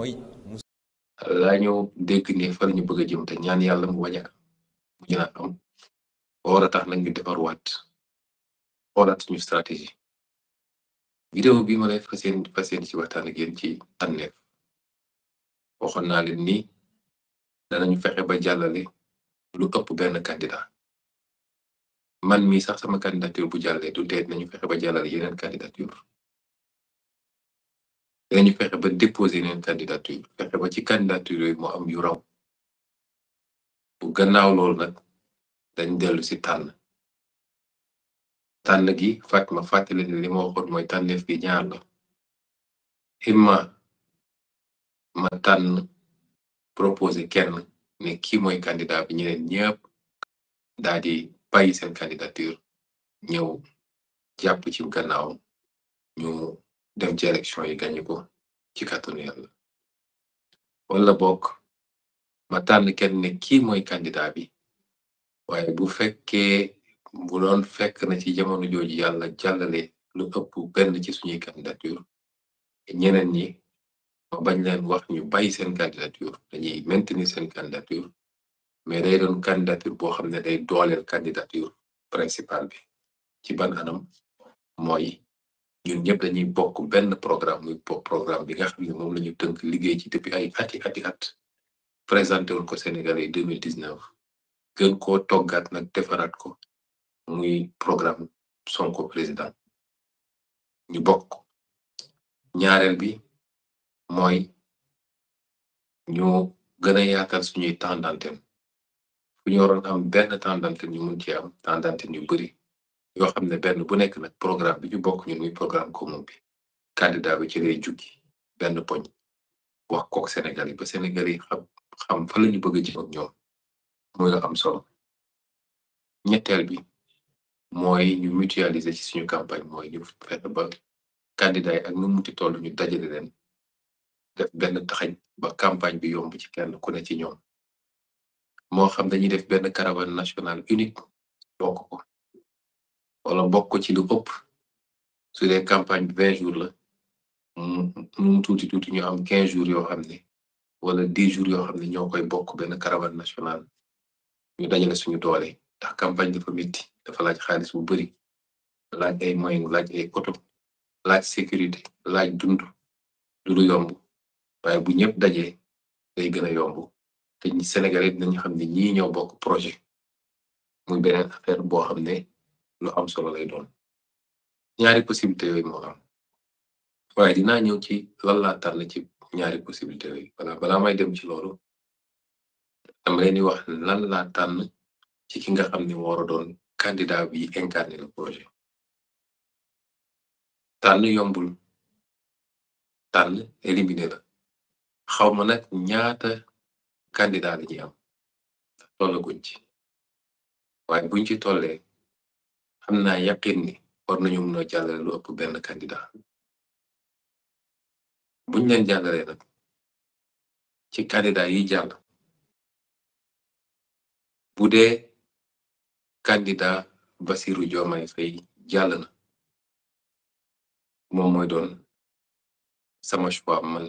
moy laa ñu dégg ne fa ñu bëgg jëm te ñaan yàlla mu bañ mu gën a am wara a tax nag ñu defarwaat xoolaat suñu stratégie vidéo bi ma lay faseen faseen ci waxtaan ak yéen ci tànneef waxoon naa leen ni danañu fexe ba jàllale lu ëpp benn candidat man mi sax sama candidature bu jàllee du teet nañu fexe ba jàllale yeneen candidature dinañu fexe ba déposer leen candidature fexe ba ci candidature moo am yu bu gannaaw loolu nag dañ dellu si tànn tànn gi fàtt ma fàttali li ma waxoon mooy tànneef gi ñaar la imma ma tànn proposé kenn ne ki mooy candidat bi ñeneen ñëpp daal di bàyyi ñëw jàpp ci gannaawam ñu dem ci election yi gagné ko ci kàttanu yàlla wala bok ma tan kenn ne ki moy candidat bi waye bu fekke bu don fek na ci jamono joji yalla jallale lu upp benn ci suñu candidature ñeneen ñi ma bañ leen wax ñu bay seen candidature dañuy maintenir seen candidature mais day doon candidature bo xamne day dooleel candidature principal bi ci ban anam moy ñun ñëpp dañuy bokk benn programme muy programme bi nga xam ne moom la ñu tënk liggéey ci depuis ay ati ati at présenté woon ko Sénégalais yi deux mille dix neuf gën koo toggaat nag defaraat ko muy programme Sonko président ñu bokk ñaareel bi mooy ñu gën a yaatal suñuy temps fu ñu waroon am benn temps ñu mun ci am temps yu bari yoo xam ne benn bu nekk nag programme bi ñu bokk ñu muy programme commun bi candidat bi ci lay jukki benn poñ wax kook Sénégal ba Sénégal xam xam fa la ñu bëgg a jëm ak ñoom ñetteel bi mooy ñu mutualiser ci suñu campagne mooy ñu ak nu mu ti ñu dajale leen benn campagne bi yomb ci kenn ku ne ci ñoom moo xam dañuy def benn caravane national unique bokk ko. wala bokk ci lu ëpp su dee campagne bi vingt jours la mu tuuti tuuti ñu am quinze jours yoo xam ne wala dix jours yoo xam ne ñoo koy bokk benn caravane nationale ñu dajale suñu doole ndax campagne dafa métti dafa laaj xaalis bu bari laaj ay moyens laaj ay oto laaj sécurité laaj dund du yomb waaye bu ñëpp daje day gën a yomb te ñi Sénégalais dinañu xam ne ñii ñoo bokk projet muy beneen affaire boo xam ne. lu am solo lay doon ñaari possibilité yooyu moo am waaye dinaa ñëw ci lan laa ci ñaari possibilité yooyu wala balaa may dem ci loolu dama leen di wax lan laa tànn ci ki nga am ne war a doon candidat bi incarné le projet tànn yombul tànn éliminé la xaw ma nag ñaata candidat la ñuy am tollaguñ ci waaye guñ ci tollee am naa yaqin ni war nañu mun ëpp benn candidat buñ leen jàllalee nag ci candidat yi jàll bu dee candidat Bassirou Diomaye Faye jàll na moom mooy doon sama choix man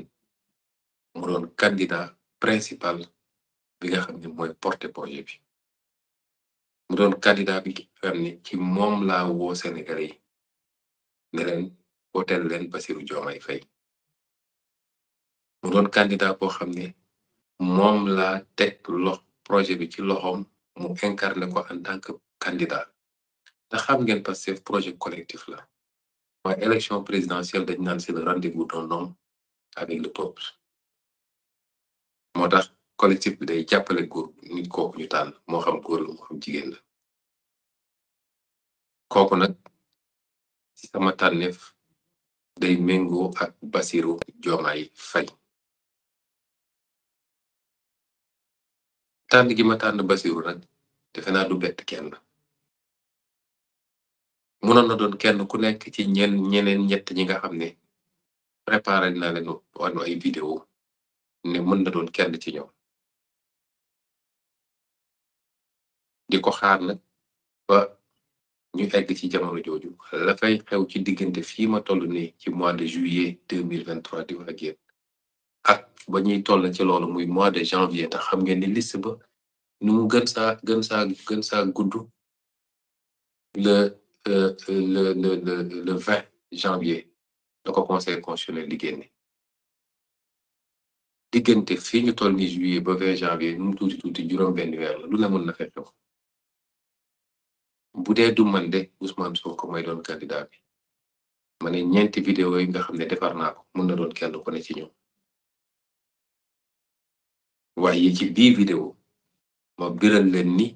mu doon candidat principal bi nga xam ne mooy porter projet mu doon candidat bi xam ci moom laa woo Sénégalais yi ne leen wooteel leen Bassirou Diomaye Faye mu doon candidat boo xam ne moom la teg lox projet bi ci loxoom mu incarné ko en tant que candidat ndax xam ngeen Pastef projet collectif la waaye élection présidentielle dañ naan c'est le rendez-vous d'un homme le peuple moo collectif bi day jàppale góor nit kooku ñu tànn moo xam góor moo xam jigéen la kooku nag ci sama tànneef day méngoo ak Basiru Joomaay Fay tànn gi ma tànn Basiru nag defe naa du bett kenn mënoon na doon kenn ku nekk ci ñen ñeneen ñett ñi nga xam ne préparé na leen woon ay vidéo ne mën na doon kenn ci ñoom di ko xaar nag ba ñu egg ci jamono jooju la fay xew ci diggante fii ma toll nii ci mois de juillet deux mille vingt trois di wax ak ba ñuy toll ci loolu muy mois de janvier tax xam ngeen ni liste ba nu mu gën saa gën saa gën saa gudd le euh, le le le le vingt janvier la conseil constitutionnel di diggante fii ñu toll ni juillet ba vingt janvier nu mu tuuti tuuti juróom benn weer la lu ne mën na fay xew bu dee du man de Ousmane Sonko mooy doon candidat bi ma ñeenti vidéo yi nga xam ne defar naa ko mën na doon kenn ku ne ci ñoom waaye ci bii vidéo ma biral leen ni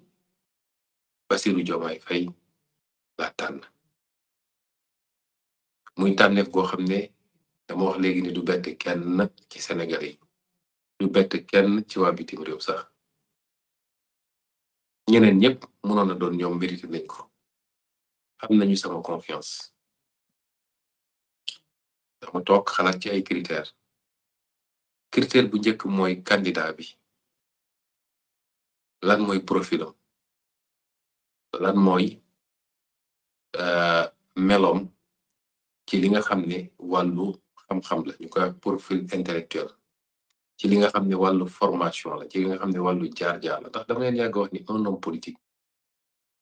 Bassirou Diomaye Faye laa tànn muy tànneef goo xam ne dama wax léegi ni du bett kenn ci Sénégal yi du bett kenn ci waa bitim réew sax ñeneen ñëpp mënoon na doon ñoom mérité nañ ko am nañu sama confiance dama toog xalaat ci ay critères critère bu njëkk mooy candidat bi lan mooy profilam lan mooy euh, meloom ci li nga xam ne wàllu xam-xam la ñu koy profil intellectuel ci li nga xam ne wàllu formation la ci li nga xam ne wàllu jaar-jaar la ndax dama leen yàgg wax ni un homme politique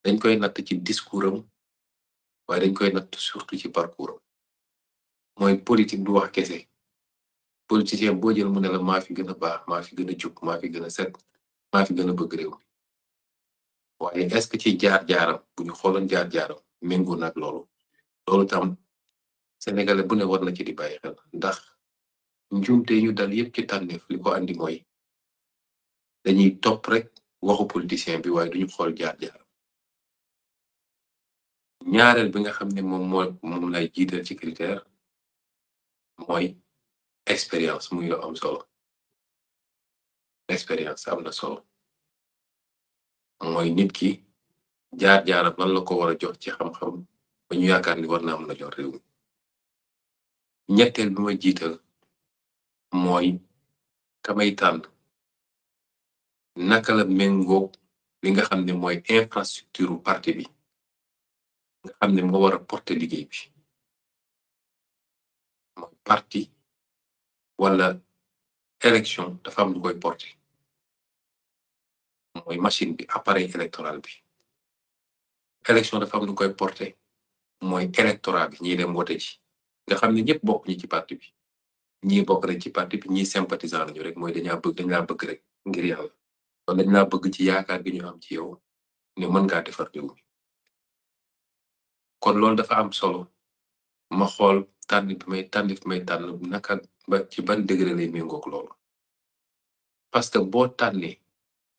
dañ koy natt ci discours am waaye dañ koy natt surtout ci parcours mooy politique du wax kese politicien boo jël mu ne la maa fi gën a baax maa fi gën a jub maa fi gën a set maa fi gën a bëgg réew waaye est-ce que ci jaar-jaaram bu ñu jaar-jaaram méngoo nag loolu loolu tam sénégalais bu ne war na ci di bàyyi xel ndax. njuumte ñu dal yëpp ci tànneef li ko andi mooy dañuy topp rek waxu politicien bi waaye duñu xool jaar-jaar ñaareel bi nga xam ne moom moo moom lay jiital ci critère mooy expérience muy lu am solo expérience am na solo mooy nit ki jaar-jaaram lan la ko war a jox ci xam-xam ba ñu yaakaar ni war na am na jox réew mi ñetteel bi ma jiital mooy kamay tànn naka la méngóog li nga xam ne mooy infrastructure parti bi nga xam ne moo war a porter liggéey bi mooy parti wala élection dafa am lu machine bi appareil électoral bi dafa am lu koy porter mooy électorat bi ñiy dem wote nga xam ne ñëpp bokk ñi ci parti bi. ñi bokk rek ci parti bi ñi sympathisant ñu rek moy dañu bëgg dañu laa bëgg rek ngir yalla wala dañu laa bëgg ci yaakaar ya bi ñu am ci yow ne mën nga defar réew mi kon loolu dafa am solo ma xool tànn bi may tànn fi may tànn naka ba ci ban degré lay méngoog loolu parce que boo tànnee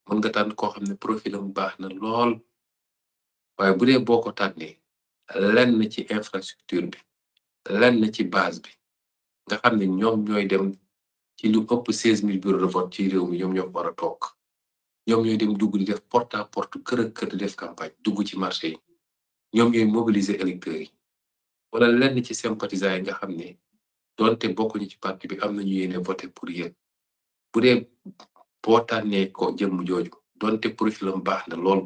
mën nga tànn koo xam ne profilam baax na lool waaye bu dee boo ko tànnee lenn ci infrastructure bi lenn ci base bi nga xam ne ñoom ñooy dem ci lu ëpp seize mille bureau de vote ci réew mi ñoom ñoom war a toog ñoom ñooy dem dugg di def porte à porte kër ak kër di def campagne dugg ci marché yi ñoom ñooy mobiliser électeurs yi wala lenn ci sympathisants yi nga xam ne doonte bokkuñu ci parti bi am nañu yéene voté pour yéen bu dee boo tànnee ko jëmm jooju doonte profilam baax na lool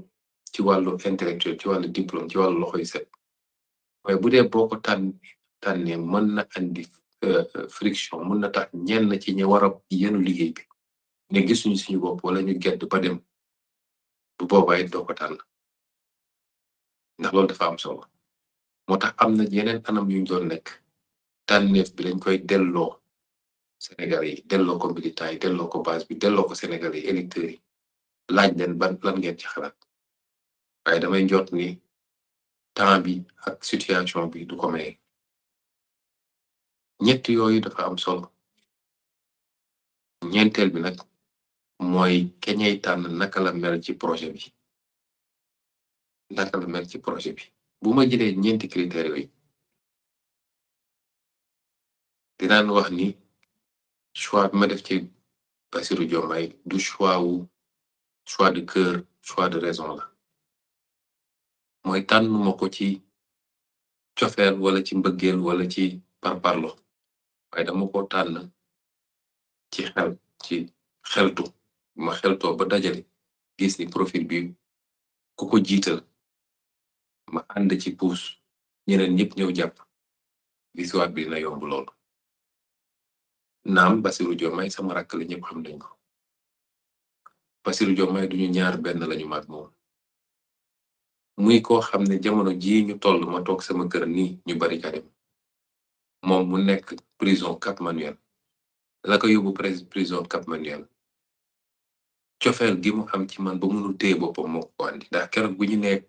ci wàllu intellectuel ci wàllu diplôme ci wàllu loxo yu set waaye bu dee boo mën na andi Euh, euh, friction mun na tax ñenn ci ñi war yenu liggéey bi ne gisuñu suñu bopp wala ñu gedd ba dem bu boobaa it doo ko tànn ndax loolu dafa am solo moo tax am na yeneen anam yuñ doon nekk tànneef bi dañ koy delloo Sénégal yi delloo ko militant yi delloo ko base bi delloo ko Sénégal yi électeurs yi laaj leen ban lan ngeen ci xalaat damay jot ni temps bi ak situation bi du ko ñett yooyu dafa am sol ñeenteel bi nag mooy keñey tànn naka la mel ci projet bi naka la mel ci projet bi bu ma jëlee ñeenti critères yooyu dinaan wax ni choix bi ma def ci Bassirou Diomaye du choix wu choix de cœur choix de raison la mooy tànn ma ko ci cofeel wala ci mbëggeel wala ci parparlo waaye dama ko tànn ci xel ci xeltu ma xeltoo ba dajale gis ni profil bi ku ko jiital ma ànd ci puus ñeneen ñëpp ñëw jàpp victoire bi dina yomb lool naam Bassirou Diomaye sama rakk la ñëpp xam nañ ko Bassirou Diomaye duñu ñaar benn lañu mag moom muy koo xam jamono jii ñu toll ma toog sama kër nii ñu bari karim moom mu nekk prison Cap Manuel la ko yóbbu prison Cap Manuel cofeel gi mu am ci man ba mënul téye boppam moo ko andi ndax keroog bu ñu nekk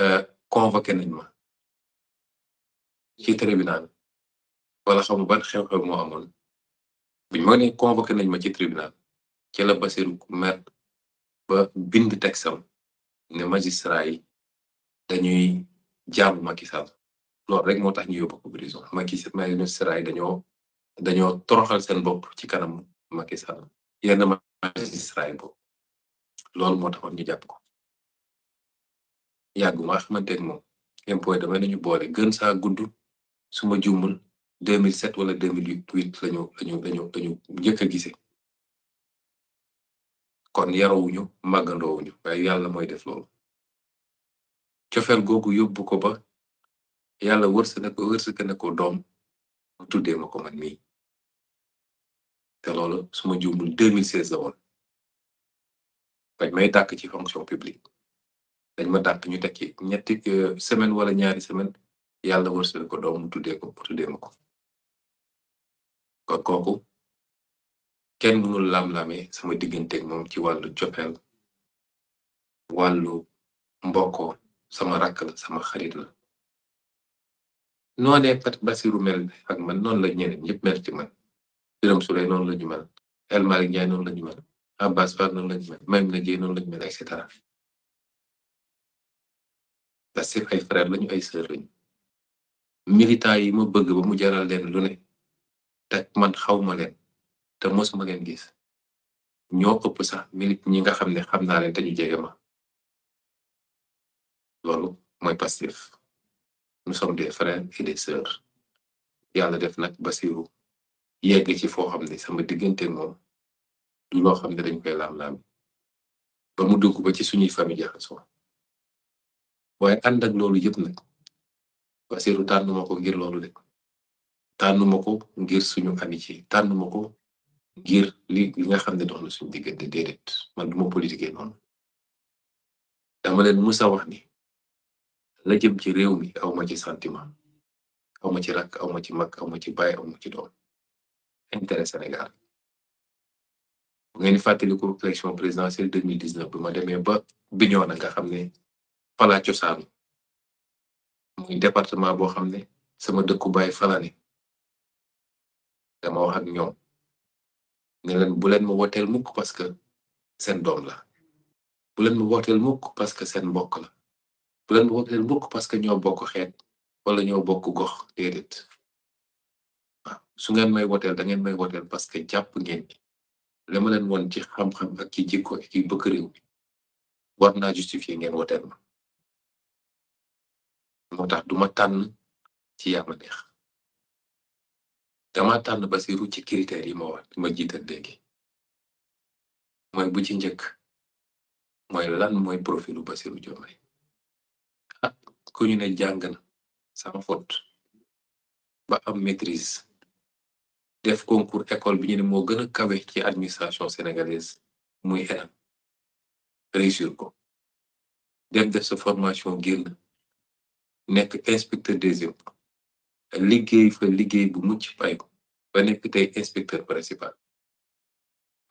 euh, convoqué nañ ma ci tribunal wala xamu ban xew-xew moo amoon biñ ma ne convoqué nañ ma ci tribunal ci la Basiru mer ba bind texam ne magistrat dañuy jaamu Macky loolu rek moo tax ñu yóbbu ko prison Macky magistrat yi dañoo dañoo toroxal seen bopp ci kanam Macky yen yenn ma yi boobu lool moo taxoon ñu jàpp ko yàggu maa xamante ne moom impôt yi damay nañu boole gën saa gudd su ma juumul 2007 wala 2008 lañu lañu lañu lañu njëkk a gisee kon yarawuñu màggandoowuñu waaye yàlla mooy def loolu cofeel googu yóbbu ko ba yàlla wërsa ne ko ko doom mu tuddee ma ko man mii te loolu su ma juumul 2016 la woon bañ may tàkk ci fonction publique dañ ma tàkk ñu tekki ñetti euh, semaine wala ñaari semaine yàlla wërsa ne ko doom mu tuddee ko mu ma ko kon kooku kenn mënul lam-lame sama digganteeg moom ci wàllu cofeel wàllu mbokko sama rakk la sama xarit la noonee Fatou basiru mel ak man non la ñeneen ñep mel ci man dirom sulay non la ñu mel El Malick ñay non la ñu mel Abbas Fall non la ñu mel na Dièye non la ñu mel et cetera da ci ay frère lañu ay sœur lañu militant yi ma bëgg ba mu jaral leen lu ne te man xawma leen te mosuma leen gis ñoo ëpp sax milit ñi nga xam ne xam naa leen te ñu jege ma loolu mooy passif nous sommes des frères et des sœurs yàlla def nag Basiru yegg ci foo xam ne sama diggante moom du loo xam ne dañ koy laam-laam ba mu dugg ba ci suñuy famille jaxasoo waaye ànd ak loolu yëpp nag Basiru tànnuma ko ngir loolu de tànnuma ko ngir suñu amitié tànnuma ko ngir li li nga xam ne dox na suñu diggante déedéet man duma politiquer noonu dama leen musa wax ni la jëm ci réew mi aw ma ci sentiment aw ma ci rakk aw ma ci mag aw ma ci baay aw ma ci doom intérêt Sénégal bu ngeen di fàttaliku élection présidentielle deux mille dix neuf bi ma demee ba Bignona nga xam ne falaa cosaanu muy département boo xam ne sama dëkku baay falane dama wax ak ñoom ne leen bu leen ma woteel mukk parce que seen doom la bu leen ma woteel mukk parce que seen mbokk la. bu leen bu leen bokk parce que ñoo bokk xeet wala ñoo bokk gox déedéet waaw su ngeen may woteel da ngeen may woteel parce que jàpp ngeen li ma leen won ci xam-xam ak ci jikko ci bëgg réew mi war naa justifier ngeen woteel ma moo duma tànn ci yàlla neex dama tànn Basiru ci yi wax bu ci lan profilu Basiru ku ñu ne jàng na sans faute ba am maîtrise def concours école bi ñu ne moo gën a kawe ci administration sénégalaise muy ENAM réussir ko dem def sa formation génn nekk inspecteur des impôts liggéey fa liggéey bu mucc pay ko ba nekk tey inspecteur principal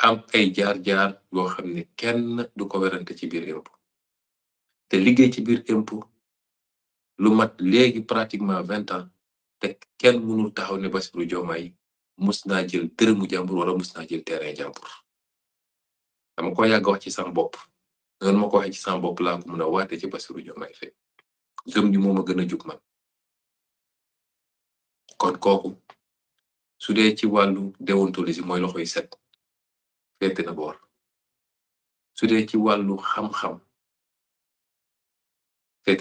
am ay jaar-jaar yoo xam ne kenn du ko werante ci biir impôt te liggéey ci biir impôt lu mat léegi pratiquement 20 ans te kenn mënul taxaw ne Bassirou jomay musna jël dërëmu jambour wala musna jël terrain jambour dama ko yàgg wax ci sam bop non mako wax ci sam bop laa ko mën waté ci Bassirou jomay Faye gëm ñu moma a juk a jug man kon kooku su dé ci walu déontologie moy loxoy set féete na bor su dé ci walu xam-xam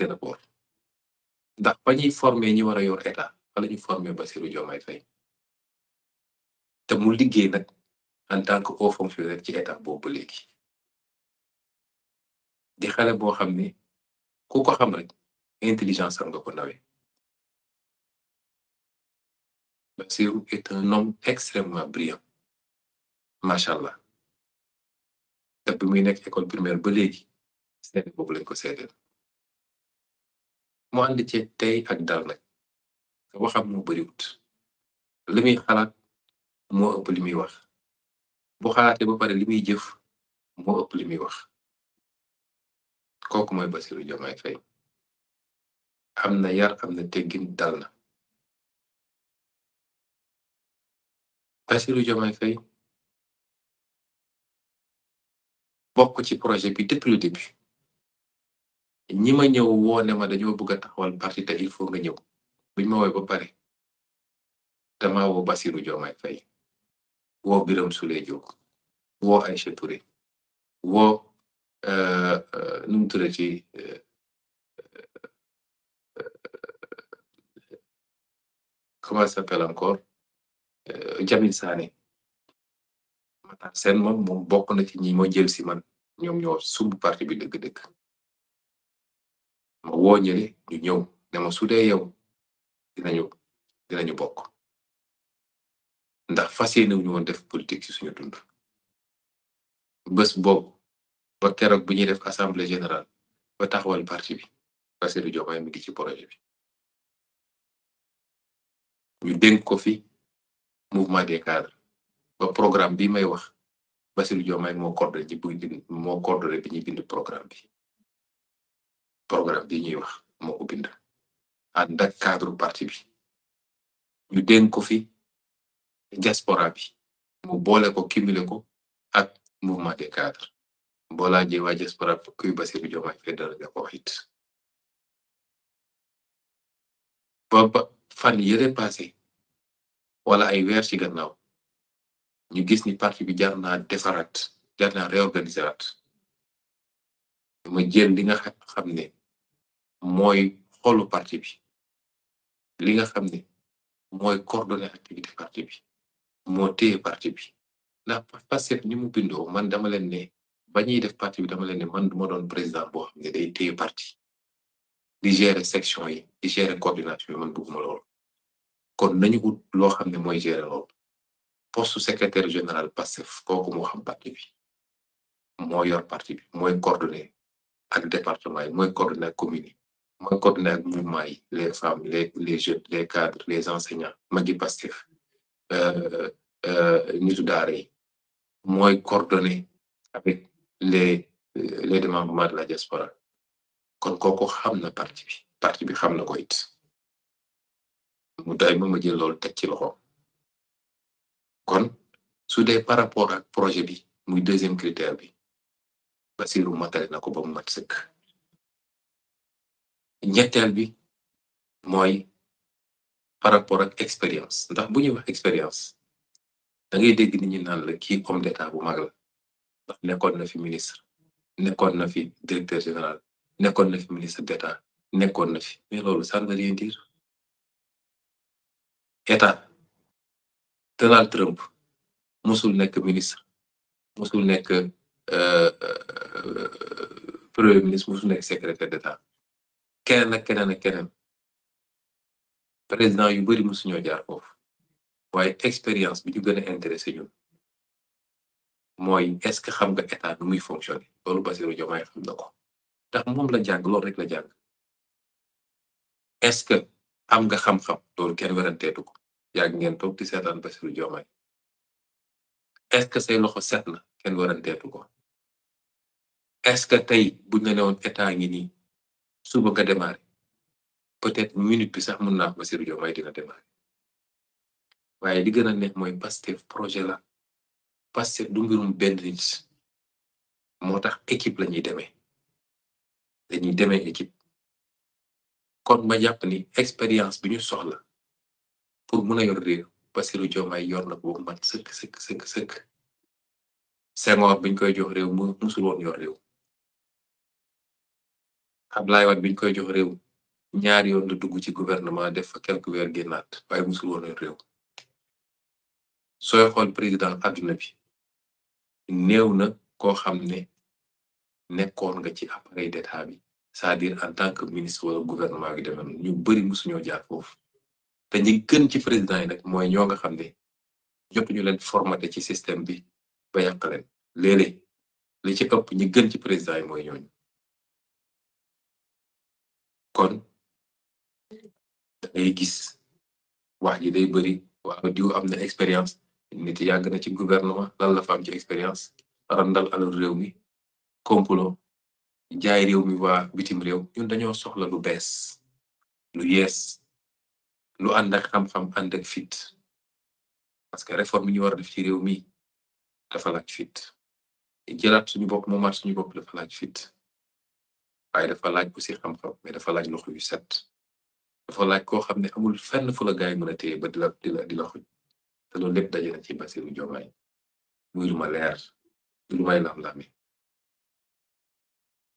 na bor ndax ba ñuy former ñi war a yor état fa la ñu former Bassirou Diomaye Faye te liggéey nag en tant que haut fonctionnaire ci état boobu léegi di xale boo xam ne ku ko xam rek intelligence am nga ko nawee Bassirou est un homme extrêmement brillant macha allah te bi muy nekk école primaire ba léegi seen boobu lañ ko seedeel mu ànd ceeg tey ak dal nag waxam moo bariwut li xalaat moo ëpp li muy wax bu xalaatee ba pare li muy jëf moo ëpp li muy wax kooku mooy basiru Diomaye Faye am na yar am na teggin dal na Bassirou Diomaye Faye bokk ci projet bi depuis le ñi ma ñëw woo ma dañu bëgg taxawal parti té il faut nga ñew buñ ma woy ba paré dama woo Basirou Diomaye Faye woo Birame Souleye Diop woo Aïcha Touré woo euh eh, num touré ci comment eh, eh, ça s'appelle encore euh Jamil Sané maanaam sen mom mom bokk na ci ñi mo jël ci man ñom ñoo sub parti bi dëgg-dëgg. ma woo ñële ñu ñëw dama su dee yow dinañu bokk ndax fas yéene ñu woon def politique ci suñu dund bës boobu ba keroog bu ñuy def assemblée général ba taxawal parti bi Bassirou Diomaye mi ngi ci projet bi ñu dénk ko fi mouvement des cadres ba programme bi may wax Bassirou Diomaye moo moo coordonné bi ñuy bind programme bi programme bi ñuy wax moo ko bind ànd ak cadre parti bi ñu dénk ko fi diaspora bi mu boole ko cumulé ko ak mouvement des cadres mboolaa jee waa diaspora bi kuy Bassirou Diomaye Faye dara nga ko wax it ba fan yële passé wala ay weer ci gannaaw ñu gis ni parti bi jar naa defaraat jar réorganiserat ma jël li nga xam ne mooy xoolu parti bi li nga xam ne mooy coordonner activité parti bi moo téye parti bi ndax Pastef ni mu bindo man dama leen ne ba ñuy def parti bi dama leen ne man du ma doon président boo xam ne day téye parti di gérer section yi di gérer coordination yi man bëgguma lool kon nañu ut loo xam ne mooy gérer lool poste secrétaire général Pastef kooku moo xam parti bi moo yor parti bi mooy coordonner ak département yi mooy coordonner ak commune moy coordonné ak mouvement yi les femmes les les jeunes les cadres les enseignants magi Pastef euh, euh, nitu daara yi mooy coordonné avec les les démembrements de la diaspora kon kooku xam na parti bi parti bi xamna ko it mu doy ma jël lol teg ci loxo kon sou dee par rapport ak projet bi muy deuxième critère bi Basiru matale nako ba mu mat sëkk. ñetteel bi mooy par rapport ak expérience ndax bu ñuy wax expérience da ngay dégg ni ñi naan la kii homme d'état bu mag la ndax nekkoon na fi ministre nekkoon na fi directeur général nekkoon na fi ministre d'état nekkoon na fi mais loolu ça ne veut rien dire état Donald Trump musul nekk ministre musul nekk euh, euh, euh, premier ministre musul nekk secrétaire d'état keneen na keneen ak keneen président yu bari mosuñoo jaar foofu waaye expérience bi ñu gën a intéressé ñun mooy est-ce que xam nga état nu muy fonctionner loolu Bassirou Diomaye xam na ko ndax moom la jàng loolu rek la jàng est-ce que am nga xam-xam loolu kenn weranteetu ko yàgg ngeen toog di seetaan Bassirou Diomaye est-ce que say loxo set na kenn weranteetu ko est-ce que tey buñ ne newoon état ngi nii suba nga démarré peut-être minute bi sax mën naa sirio may dina démarré waye li gëna a neex mooy Pastef projet la Pastef du mbirum benn nit moo équipe la démé dañuy démé équipe kon ma japp ni expérience biñu soxla pour mëna yor réew jom ay yor na ko ba seuk seuk seuk seuk sëkk Senghor biñ koy jox réew mu musul won yor réew Ablaye Wade koy jox réew ñaari yoon la dugg ci gouvernement def fa quelques weer génnaat waaye musul woon réew sooy xool président àdduna bi néew na koo xam ne nekkoon nga ci appareil d'état bi cest dire en tant que ministre wala gouvernement bi demee ñu bëri musuñoo jaar foofu te ñi gën ci président yi nag mooy ñoo nga xam ne jotuñu leen formaté ci système bi ba yàq leen léeg ci ëpp ñi gën ci président yi mooy ñooñu. kon day gis wax ji day bari wa diw am na expérience nit yag na ci gouvernement lan la fam ci experience randal al rew mi complot jaay rew mi wa bitim rew ñun dañoo soxla lu bes lu yes, lu and ak xam-xam and ak fit parce que réforme ñu war def ci rew mi dafa laaj fit jëlaat suñu bopp mat suñu bopp dafa laaj fit waaye dafa laaj ku si xam-xam mais dafa laaj loxo set dafa laaj koo xam ne amul fenn fu la gaay mën a téye ba di la te loolu lépp daje na ci Basiru Jomaay muy lu ma leer lu may lam-lami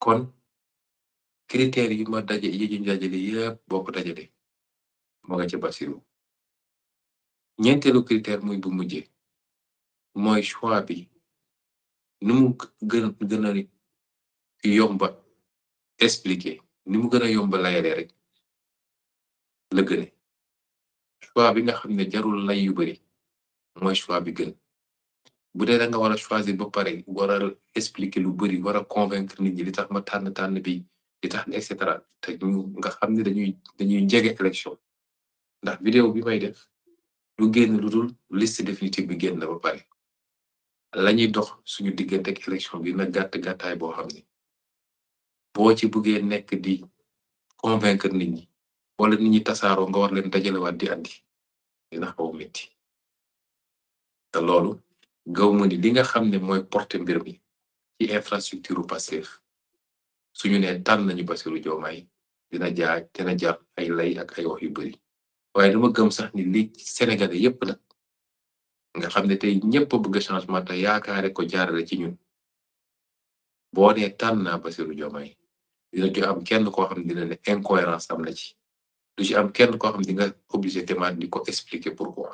kon critères yi dajale yëpp boo dajale ma nga ci Basiru ñeenteelu critère muy bu mujjee mooy choix bi nu mu yomba expliquer ni mu gën a yomb layalee rek la gëne choix bi nga xam ne jarul lay yu bari mooy choix bi gën bu dee da nga war a choisir ba pare war a expliquer lu bari war a convaincre nit ñi li tax ma tànn tànn bi li tax ne et cetera te nga xam ne dañuy dañuy jege élection ndax vidéo bi may def lu génn lu dul liste définitive bi génn na ba pare la ñuy dox suñu diggante ak bi na gàtt gàttaay boo xam ne. bo ci bëggé nek di convaincre nit ñi wala nit ñi tassaro nga war leen dajalewaat di andi dina xaw metti da lolu gaw ma ni li nga xam moy porte mbir bi ci infrastructure Pastef suñu ne tan nañu Bassirou jomay dina jaar dina jaar ay lay ak ay wax yu bari waye dama gëm sax ni li Sénégalais yépp la nga xam tay tey ñépp bëgg changement ta yaakaare ko jaarale ci ñun boo tan na naa Bassirou Diomaye dina ci am kenn koo xam ne dina ne incohérence am na ci du ci am kenn koo xam ne di nga obligé témat di ko expliquer pourquoi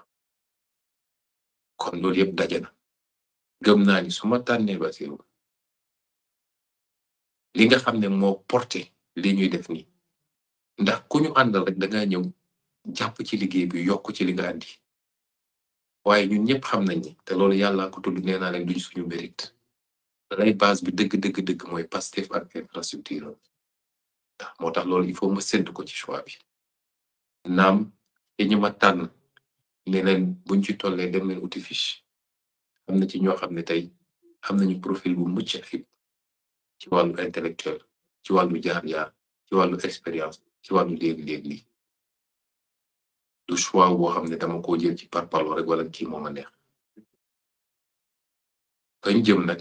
kon loolu yëpp daje na gëm naa ni su ma tànnee Basiru li nga xam ne moo porté li ñuy def nii ndax ku ñu àndal rek dangay nga ñëw jàpp ci liggéey bi yokk ci li nga andi waaye ñun ñëpp xam nañ te loolu yàlla ko tudd nee naa leen duñ suñu mérite lay base bi dëkk dëkk dëkk mooy Pastef ak infrastructure moo tax loolu il faut ma sédd ko ci choix bi naam te ñu ma tànn ne leen buñ ci tollee dem leen uti fiche am na ci ñoo xam ne tey am nañu profil bu mucc ayib ci wàllu intellectuel ci wàllu jaar ci wàllu expérience ci wàllu léeg-léeg li du choix boo xam ne dama ko jël ci parpalo rek wala kii moo ma neex kañ jëm nag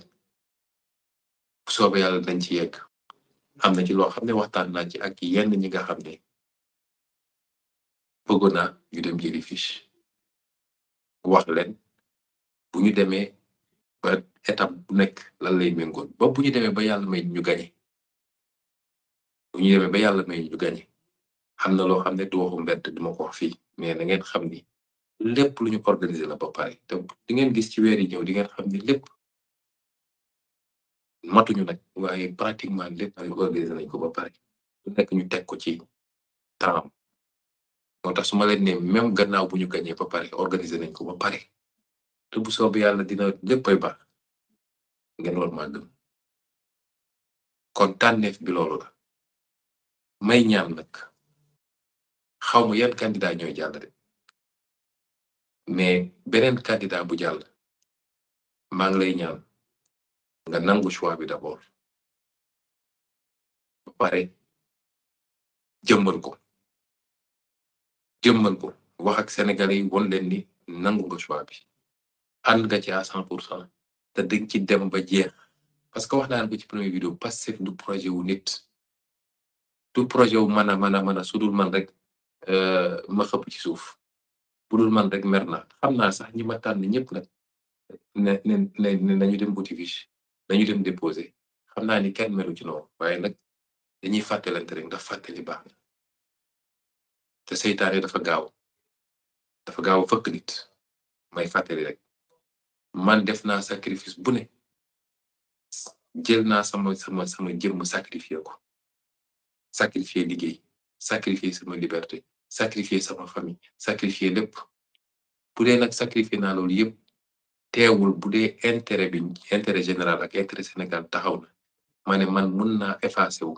bu soobee yàlla dañ ci yegg am na ci loo xam ne waxtaan naa ci ak yenn ñi nga xam ne bëggoon naa ñu dem jëli fiche wax leen bu ñu demee ba étape bu nekk lan lay méngoon ba bu ñu demee ba yàlla may ñu gañe bu ñu demee ba yàlla may ñu gañe am na loo xam ne du waxu mbedd duma ko wax fii mais na ngeen xam ni lépp lu ñu organiser la ba pare te di ngeen gis ci weer yi ñëw di ngeen xam ni lépp matuñu nag waaye pratiquement lépp organisé nañ ko ba pare lu nekk ñu teg ko ci temps moo tax su ma leen ne même gannaaw bu ñu gañee ba pare organisé nañ ko ba pare te bu soobee yàlla dina léppay baax ngeen war maa gëm kon tànneef bi loolu la may ñaan nag xaw ma yan candidat ñooy jàll de mais beneen candidat bu jàll maa ngi lay ñaan. nga nangu choix bi d'abord paré ba jëmmal ko jëmmal ko wax ak sénégalais yi won leen ni nangu nga choix bi and nga ci à cent pour te dëgg ci dem ba jeex parce que wax naan ko ci premier vidéo Pastef du projet wu nit du projet wu mana mana mana sudul man rek euh ma xëpp ci suuf budul man rek merna xamna sax ñima tan tànn ñëpp nag ne ne ne nañu dem boutique dañu dem déposé xam naa ni kenn melu ci noonu waaye nag dañuy fàttalante rek ndax fàttali baax na te seytaane dafa gaaw dafa gaaw fëkk nit may fàttali rek man def naa sacrifice bu ne jël naa sama sama sama jëmm sacrifié ko sacrifié liggéey sacrifié sama liberté sacrifié sama famille sacrifié lépp bu dee nag sacrifié naa loolu yëpp teewul bu dee intérêt bi intérêt général ak intérêt Sénégal taxaw na ma ne man mun naa effacé wu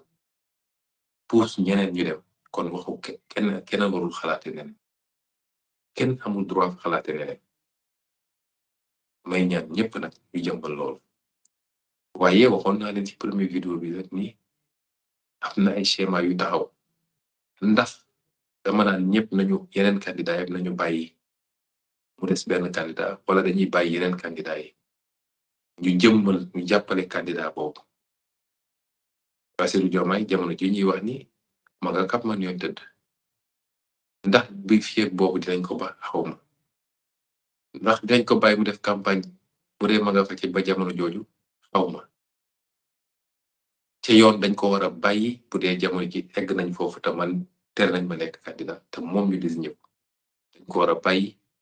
pousse ñeneen ñu dem kon waxu kenn kenn warul xalaate nene kenn amul droit xalaate nene may ñaan ñëpp nag ñu jëmbal loolu waaye waxoon naa leen ci premier vidéo bi nag ni am na ay schéma yu taxaw ndax dama naan ñëpp nañu yeneen candidat yëpp nañu bàyyi mu dess ben candidat wala dañuy bayyi yenen candidat yi ñu jëmmal ñu jappalé candidat boobu Bassirou Diomaye jamono ci ñi wax ni ma nga kap man ñoy teud ndax bi fiyeeg boobu dinañ ko ba xawma ndax dinañ ko bàyyi mu def campagne bu re ma nga fa ci ba jamono joju xawma ci yoon dañ ko wara bayyi bu dee jamono ci egg nañ fofu te man ter nañ ma nek candidat te mom ñu désigné ko dañ ko wara bayyi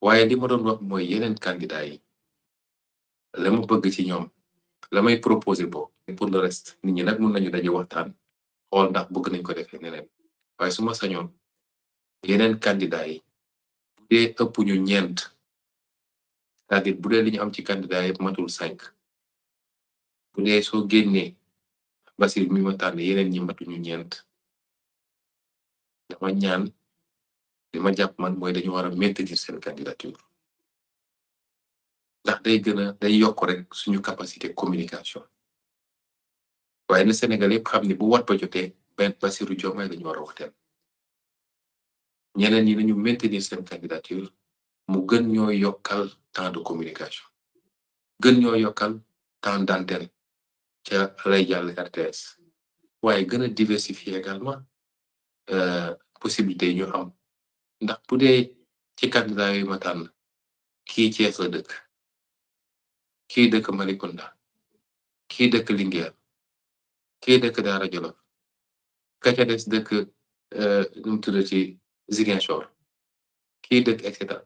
waaye li ma doon wax mooy yeneen candidat yi la ma bëgg ci ñoom la may proposé bo pour le reste nit ñi nag mun nañu daje waxtaan xool ndax bëgg nañ ko defee neneen waaye suma ma yeneen candidat yi bu dee ñeent c'est-à-dire bu dee li ñu am ci candidat yëpp matul cinq bu dee soo génnee Basir mi ma yeneen ñi matuñu ñeent dama ñaan li ma jàpp man mooy dañu war a maintenir seen candidature ndax day gën day yokk rek suñu capacité communication waaye na Sénégal yëpp xam ni bu wat ba jotee benn Bassirou Diomaye lañu war a waxtaan ñeneen ñi nañu maintenir seen candidature mu gën ñoo yokkal temps de communication gën ñoo yokkal temps d'antenne ca lay jàll RTS waaye gën a diversifier également euh, possibilité yi ñu am ndax bu dee ci candidat yu ma tànn kii Cees la dëkk kii dëkk Malikounda kii dëkk Linguère ki dëkk Daara Jolof ka ca des dëkk euh, nu mu tudd ci Ziguinchor kii dëkk et cetera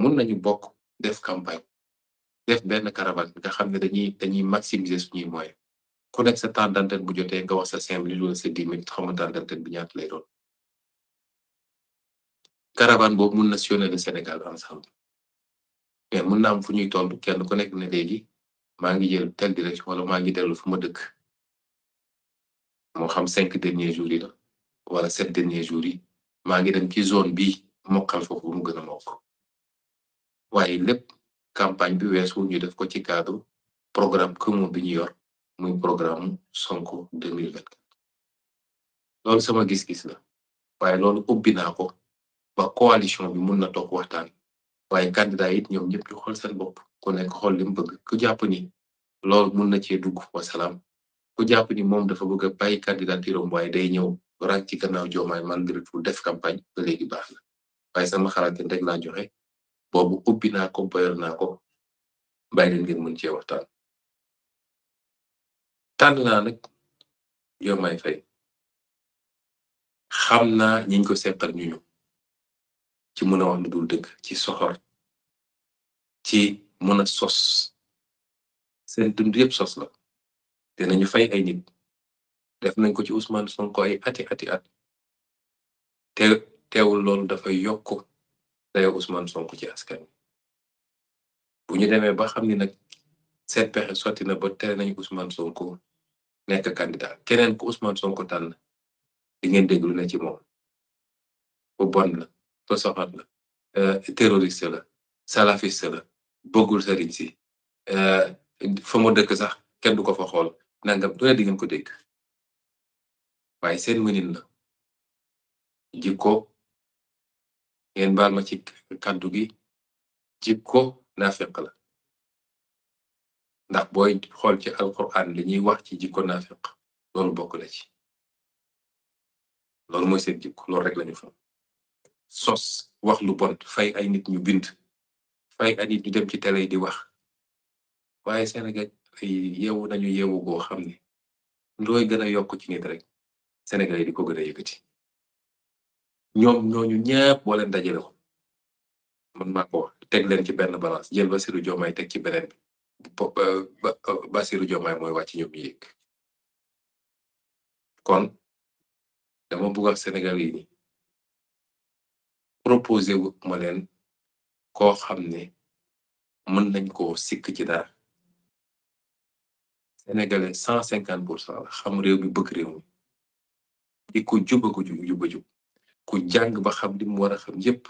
mun nañu bokk def campagne def benn caravane nga xam ne dañuy dañuy maximiser suñuy moyens ku nekk sa temps d'antenne bu jotee nga wax sa cinq minutes wala sa dix minutes xaw ma temps lay doon. caravane boobu mun na sillonner le Sénégal ensemble mun na am fu ñuy tontu kenn ko nekk na léegi maa ngi jël telle direction wala maa ngi dellu fu ma dëkk moo xam cinq derniers jours wala sept derniers jours maa ngi dem ci zone bi mokkal foofu mu gën a mokk waaye lépp campagne bi weesu ñu def ko ci cadre programme commun bi ñu yor muy programme Sonko 2024 loolu sama gis-gis la waaye loolu ubbi naa ko. ba coalition bi mun na toog waxtaan waaye candidat yi it ñoom ñëpp ñu xool seen bopp ku nekk xool li bëgg ku jàpp ni lool mun na cee dugg wasalaam ku jàpp ni moom dafa bëgg a bàyyi candidature am waaye day ñëw ràññ ci gannaaw joomaay malgré tout campagne na waaye sama xalaat rek laa joxe boobu ubbi naa ko naa ko bàyyi leen mën cee waxtaan. naa nag joomaay fay xam naa ñiñ ko seetal ñu ñu. ci mëna wax lu dul dëgg ci soxor ci mëna sos seen dund yëpp sos la dinañu fay ay nit def nañ ko ci Ousmane Sonko ay ati ati at te teewul loolu dafay yokk dayo Ousmane Sonko ci askan bu ñu demee ba xam ni nag seen pexe sotti na ba tere nañ Ousmane Sonko nekk candidat keneen ku Ousmane Sonko tànn di ngeen lu ne ci moom bu bon la tosaxat la terroriste la salafiste la bëggul sëriñ si fa mu dëkk sax kenn du ko fa xool nangam du ne di ngeen ko dégg waaye seen mënin la jikko ngeen baal ma ci kàddu gi jikko naafeq la ndax booy xool ci alquran li ñuy wax ci jikko naafeq loolu bokk na ci loolu mooy seen jikko loolu rek lañu fa sos wax lu bon fay ay nit ñu bind fay ay nit ñu dem ci tele di wax waaye Sénégal yeewu nañu yeewu goo xam ne looy gën yokk ci nit rek Sénégal yi di ko gën ñoom ñooñu ñëpp wala leen dajale ko man maa leen ci benn balance jël Bassirou Diomaye teg ci beneen bi euh, euh, Bassirou Diomaye mooy wàcc ñoom ñu yëg kon dama bëgg wax Sénégal yi. proposé wut ma koo xam ne mën nañ ko sikk ci dara sénégalais cent cinquante pour cent xam réew bi bëgg réew mi di ko juba ko juba jub ku jàng ba xam li mu war a xam yépp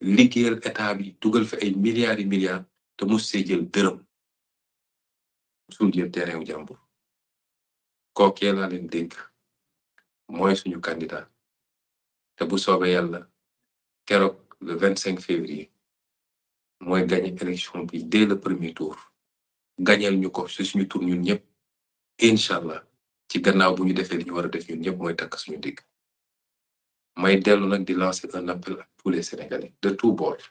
liggéeyal état bi dugal fi ay milliards yi milliards te mu see jël dërëm suul jël terrain wu jàmbur kookee laa leen dénk mooy suñu candidat te bu soobee yàlla kérok le 25 cinq février mooy gagné élection bi dès le premier tour gagnel ñu ko si suñu tour ñun ñëpp incha allah ci gannaaw bu ñu defee li ñu war a def ñun ñëpp mooy takk suñu digg may dellu nag di lancer un appel à tous les sénégalais de tout bord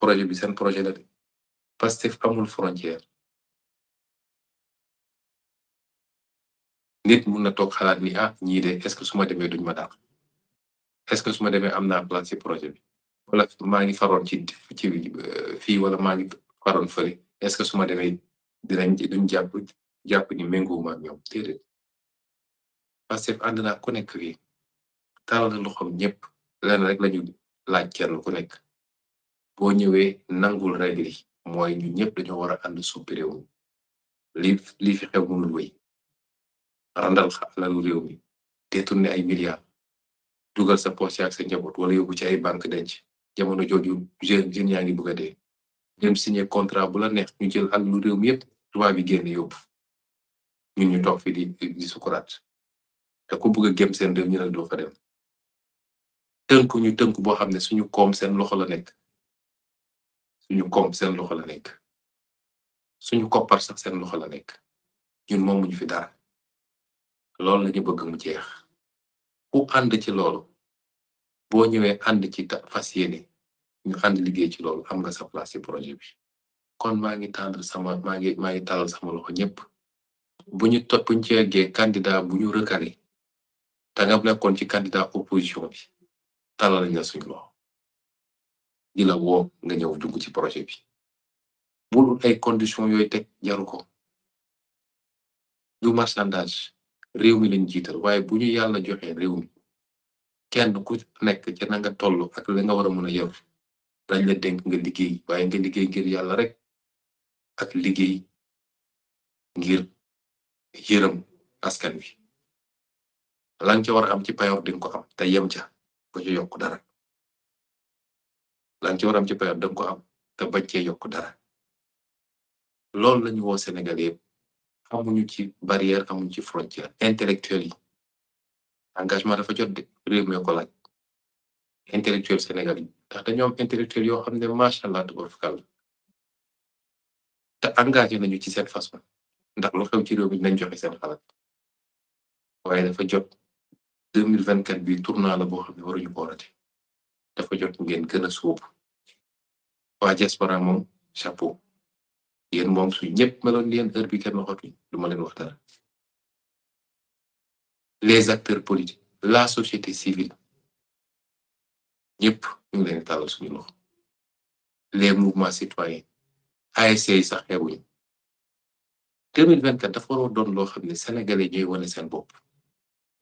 projet bi seen projet la Pastef amul frontière nit mun na toog xalaat ni ah ñii de est ce que duñ ma est-ce que suma ma amna plan ci projet bi wala ma ngi faron ci ci fi wala ma ngi faron feuri est-ce que suma ma dinañ ci duñ japp japp ni méngoowuma ak ñoom déedéet Pastef ànd nek wi nekk na taalal loxoom ñëpp rek lañu laaj kenn ku nek bo ñëwé nangul règle moy ñu ñëpp dañu wara and ànd suppi li li fi xew mënul wéy randal alalu réew mi détourné ay milliards dugal sa poche ak sa njaboot wala yóbbu ci ay banque denc jamono jooju jeune jeune yaa ngi bëgg a dee dem signé contrat bu la neex ñu jël ak lu réew yëpp tubaab bi génn yóbbu ñun ñu toog fi di di te ku bëgg a gém seen réew ñu ne doo fa dem tënk ñu tënk boo xam ne suñu koom seen loxo la nekk suñu koom seen loxo la nekk suñu koppar sax seen loxo la nekk ñun ñu fi dara loolu lañu bëgg mu jeex ku and ci loolu bo ñëwee and ci fas yéene ñu and liggé ci loolu am nga sa place ci projet bi kon ma ngi tendre sama ma ngi ma ngi talal sama loxo ñëpp bu ñu topp buñ ci yeggee candidat bu ñu recalé te nga nekkoon ci candidat opposition bi talal nga suñu loxo di la woo nga ñëw dugg ci projet bi bul ay condition yoy tek jaru ko du marchandage réew mi lañ jiital waaye bu ñu yàlla joxee réew mi kenn ku nekk ci na toll ak la nga war a mën a yor dañ la dénk nga liggéey waaye nga liggéey ngir yàlla rek ak liggéey ngir yërëm askan wi lan ca war a am ci payoor di nga ko am te yem ca ba ca yokk dara lan ca war am ci payoor da nga ko am te bañ yokk dara loolu lañu woo Sénégal yëpp amuñu ci barrière amuñu ci frontière intellectuel yi engagement dafa jot de réew mi ko laaj intellectuel Sénégal yi ndax dañoo am intellectuel yoo xam ne macha allah tubarfakal te engagé nañu ci seen façon ndax lu xew ci réew mi dinañ joxe seen xalaat waaye dafa jot 2024 bi tournant la boo xam ne waruñu ko rate dafa jot ngeen gën a suub waa diaspora moom chapeau yéen moom su ñëpp meloon ni heure bi kenn waxatuñ du ma leen wax dara les acteurs politiques la société civile ñëpp ñu ngi leen tàllal suñu loxo les mouvements citoyens ASC yi sax xewuñu deux mille vingt quatre dafa waroo doon loo xam ne sénégalais ñooy wane seen bopp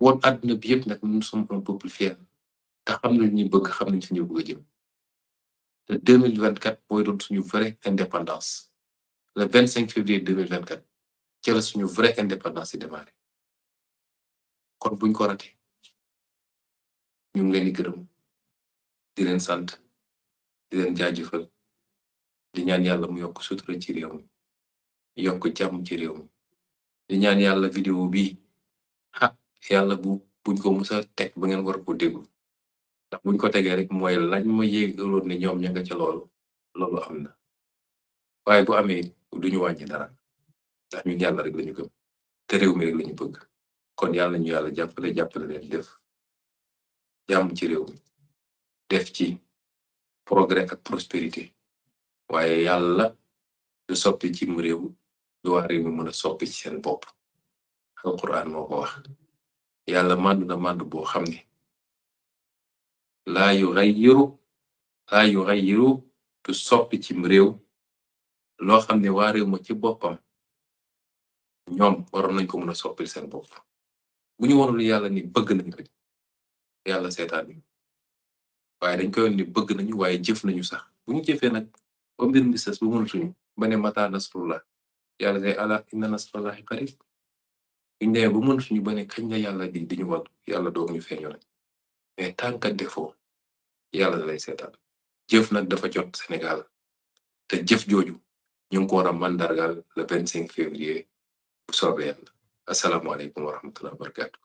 woon àdduna bi yëpp nag nous sommes un fier te xam nañ ñu bëgg xam nañ fi ñu bëgg a jëm te deux mille vingt quatre mooy doon suñu vraie indépendance le 25 février 2024 ci la suñu vraie indépendance yi démarré kon buñ ko raté ñu ngi leen gërëm di leen sant di leen jaajëfal di ñaan Yalla mu yokk sutura ci réew mi yokk jamm ci réew mi di ñaan Yalla vidéo bi ha Yalla bu buñ ko mësa tek ba ngeen war ko déggu. ndax buñ ko tegee rek mooy lañ ma yéegaloon ne ñoom ña nga ca loolu loolu am na waaye bu amee duñu wañi dara ndax ñun yàlla rek lañu gëm te réew mi rek lañu bëgg kon yàlla ñu yàlla jàppale jàppale leen def jàmm ci réew mi def ci progrès ak prospérité waaye yàlla du soppi ci mu réew du waa réew mi mën a soppi ci seen bopp alquran moo ko wax yàlla mànd na mànd boo xam ne laa yu xayyiru laa yu xayyiru du soppi ci mu réew loo xam ne waa réew ci boppam ñoom waroon nañ ko mën a soppil seen bopp bu ñu wonul yàlla ni bëgg nañ ko yàlla seetaan ni waaye dañ koy ni bëgg nañu waaye jëf nañu sax buñu ñu jëfee nag ba mbir mi sës bu mënatuñu ba ne yàlla day ala inna nasrullahi qarib buñ demee ba mënatuñu ba ne kañ la yàlla di diñu wal yàlla doog ñu feeñu rek mais tant que defoo yàlla lay seetaan jëf nag dafa jot Sénégal te jëf jooju ñu ngi ko war mandargal le 25 février bu soobee yàlla asalaamaaleykum wa wa barakatuh.